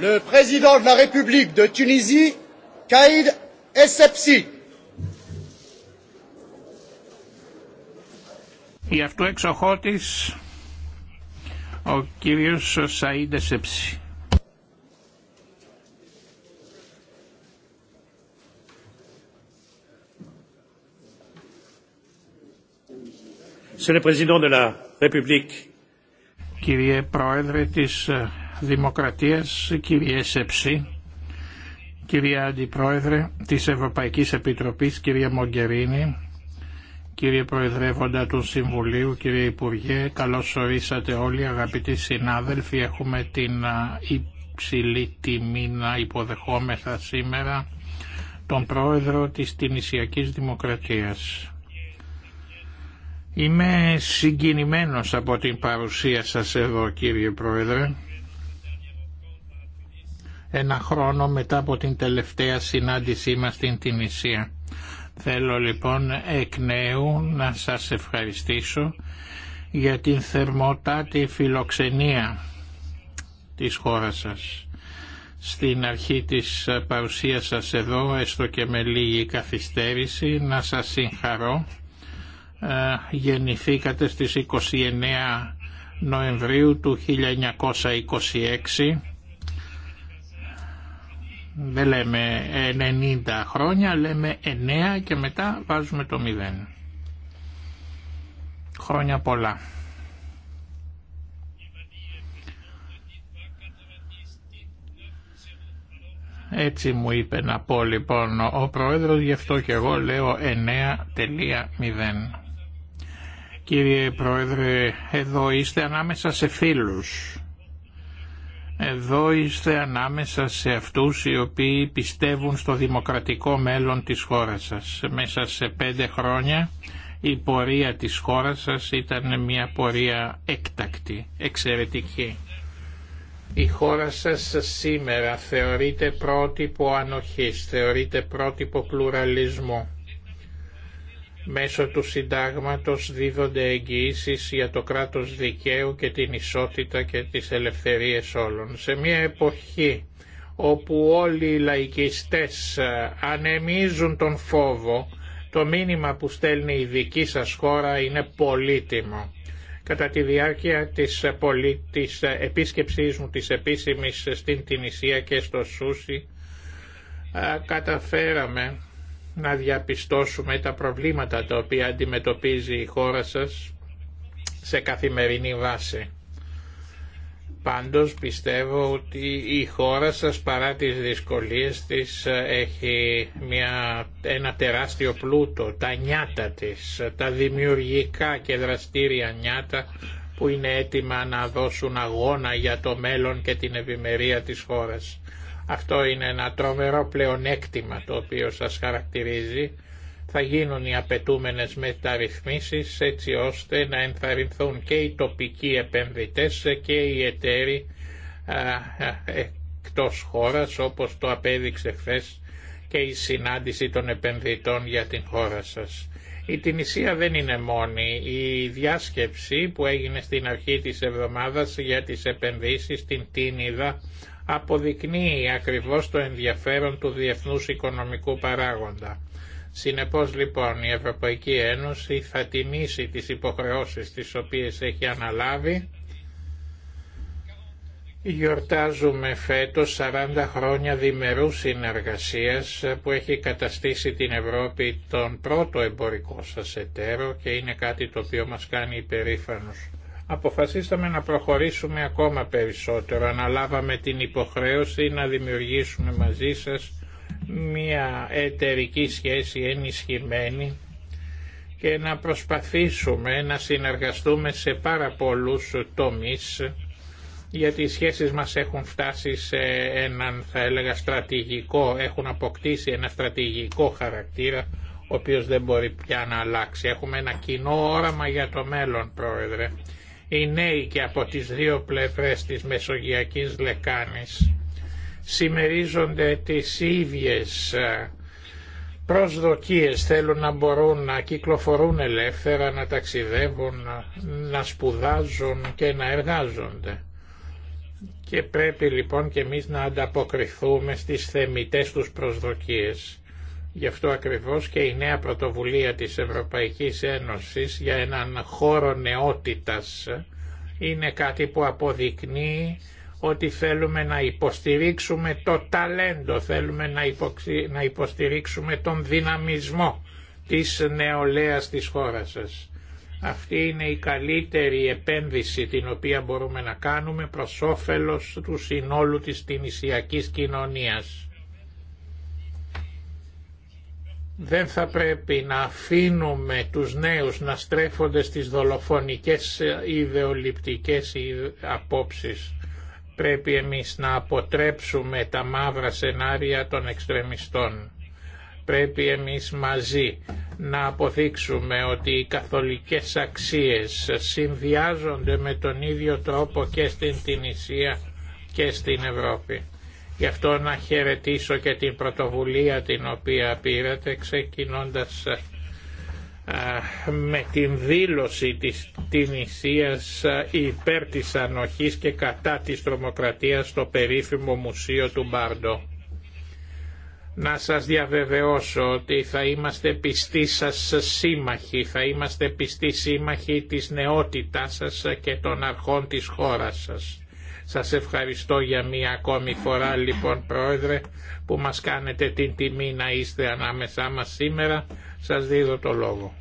le président de la République de Tunisie, Kaïd Essebsi. Γι' αυτό εξοχώτης ο κύριος Σαΐντ Εσεψή. Monsieur le Président de la République. Κύριε Πρόεδρε της Δημοκρατίας, κύριε Σεψή, κυρία Αντιπρόεδρε της Ευρωπαϊκής Επιτροπής, κυρία Μογκερίνη, κύριε Προεδρεύοντα του Συμβουλίου, κύριε Υπουργέ, καλώς ορίσατε όλοι αγαπητοί συνάδελφοι. Έχουμε την υψηλή τιμή να υποδεχόμεθα σήμερα τον Πρόεδρο της Τινησιακής Δημοκρατίας. Είμαι συγκινημένος από την παρουσία σας εδώ κύριε Πρόεδρε ένα χρόνο μετά από την τελευταία συνάντησή μας στην Τινησία. Θέλω λοιπόν εκ νέου να σας ευχαριστήσω για την θερμοτάτη φιλοξενία της χώρας σας. Στην αρχή της παρουσίας σας εδώ, έστω και με λίγη καθυστέρηση, να σας συγχαρώ. Ε, γεννηθήκατε στις 29 Νοεμβρίου του 1926 δεν λέμε 90 χρόνια, λέμε 9 και μετά βάζουμε το 0. Χρόνια πολλά. Έτσι μου είπε να πω λοιπόν ο πρόεδρος, γι' αυτό και εγώ λέω 9.0. Κύριε Πρόεδρε, εδώ είστε ανάμεσα σε φίλους. Εδώ είστε ανάμεσα σε αυτούς οι οποίοι πιστεύουν στο δημοκρατικό μέλλον της χώρας σας. Μέσα σε πέντε χρόνια η πορεία της χώρας σας ήταν μια πορεία έκτακτη, εξαιρετική. Η χώρα σας σήμερα θεωρείται πρότυπο ανοχής, θεωρείται πρότυπο πλουραλισμού Μέσω του συντάγματος δίδονται εγγυήσει για το κράτος δικαίου και την ισότητα και τις ελευθερίες όλων. Σε μια εποχή όπου όλοι οι λαϊκιστές ε, ανεμίζουν τον φόβο, το μήνυμα που στέλνει η δική σας χώρα είναι πολύτιμο. Κατά τη διάρκεια της, ε, πολι... της ε, επίσκεψής μου της επίσημης στην Τινησία και στο Σούσι, καταφέραμε να διαπιστώσουμε τα προβλήματα τα οποία αντιμετωπίζει η χώρα σας σε καθημερινή βάση. Πάντως πιστεύω ότι η χώρα σας παρά τις δυσκολίες της έχει μια, ένα τεράστιο πλούτο, τα νιάτα της, τα δημιουργικά και δραστήρια νιάτα που είναι έτοιμα να δώσουν αγώνα για το μέλλον και την ευημερία της χώρας. Αυτό είναι ένα τρομερό πλεονέκτημα το οποίο σας χαρακτηρίζει. Θα γίνουν οι απαιτούμενε μεταρρυθμίσεις έτσι ώστε να ενθαρρυνθούν και οι τοπικοί επενδυτές και οι εταίροι εκτός χώρας όπως το απέδειξε χθε και η συνάντηση των επενδυτών για την χώρα σας. Η Τινησία δεν είναι μόνη. Η διάσκεψη που έγινε στην αρχή της εβδομάδας για τις επενδύσεις στην Τίνιδα αποδεικνύει ακριβώς το ενδιαφέρον του διεθνούς οικονομικού παράγοντα. Συνεπώς λοιπόν η Ευρωπαϊκή Ένωση θα τιμήσει τις υποχρεώσεις τις οποίες έχει αναλάβει. Γιορτάζουμε φέτος 40 χρόνια διμερούς συνεργασίας που έχει καταστήσει την Ευρώπη τον πρώτο εμπορικό σας εταίρο και είναι κάτι το οποίο μας κάνει υπερήφανος αποφασίσαμε να προχωρήσουμε ακόμα περισσότερο. Αναλάβαμε την υποχρέωση να δημιουργήσουμε μαζί σας μια εταιρική σχέση ενισχυμένη και να προσπαθήσουμε να συνεργαστούμε σε πάρα πολλούς τομείς γιατί οι σχέσεις μας έχουν φτάσει σε έναν θα έλεγα στρατηγικό, έχουν αποκτήσει ένα στρατηγικό χαρακτήρα ο οποίος δεν μπορεί πια να αλλάξει. Έχουμε ένα κοινό όραμα για το μέλλον πρόεδρε οι νέοι και από τις δύο πλευρές της Μεσογειακής Λεκάνης συμμερίζονται τις ίδιες ε, προσδοκίες, θέλουν να μπορούν να κυκλοφορούν ελεύθερα, να ταξιδεύουν, να σπουδάζουν και να εργάζονται. Και πρέπει λοιπόν και εμείς να ανταποκριθούμε στις θεμητές τους προσδοκίες. Γι' αυτό ακριβώς και η νέα πρωτοβουλία της Ευρωπαϊκής Ένωσης για έναν χώρο νεότητας είναι κάτι που αποδεικνύει ότι θέλουμε να υποστηρίξουμε το ταλέντο, θέλουμε να υποστηρίξουμε τον δυναμισμό της νεολαίας της χώρας σας. Αυτή είναι η καλύτερη επένδυση την οποία μπορούμε να κάνουμε προς όφελος του συνόλου της τινησιακής κοινωνίας. Δεν θα πρέπει να αφήνουμε τους νέους να στρέφονται στις δολοφονικές ε, ιδεολειπτικές ε, απόψεις. Πρέπει εμείς να αποτρέψουμε τα μαύρα σενάρια των εξτρεμιστών. Πρέπει εμείς μαζί να αποδείξουμε ότι οι καθολικές αξίες συνδυάζονται με τον ίδιο τρόπο και στην Τινησία και στην Ευρώπη. Γι' αυτό να χαιρετήσω και την πρωτοβουλία την οποία πήρατε ξεκινώντας ε, με την δήλωση της Τινησίας ε, υπέρ της ανοχής και κατά της τρομοκρατίας στο περίφημο μουσείο του Μπάρντο. Να σας διαβεβαιώσω ότι θα είμαστε πιστοί σας σύμμαχοι, θα είμαστε πιστοί σύμμαχοι της νεότητάς σας και των αρχών της χώρας σας. Σας ευχαριστώ για μία ακόμη φορά λοιπόν Πρόεδρε που μας κάνετε την τιμή να είστε ανάμεσά μας σήμερα. Σας δίδω το λόγο.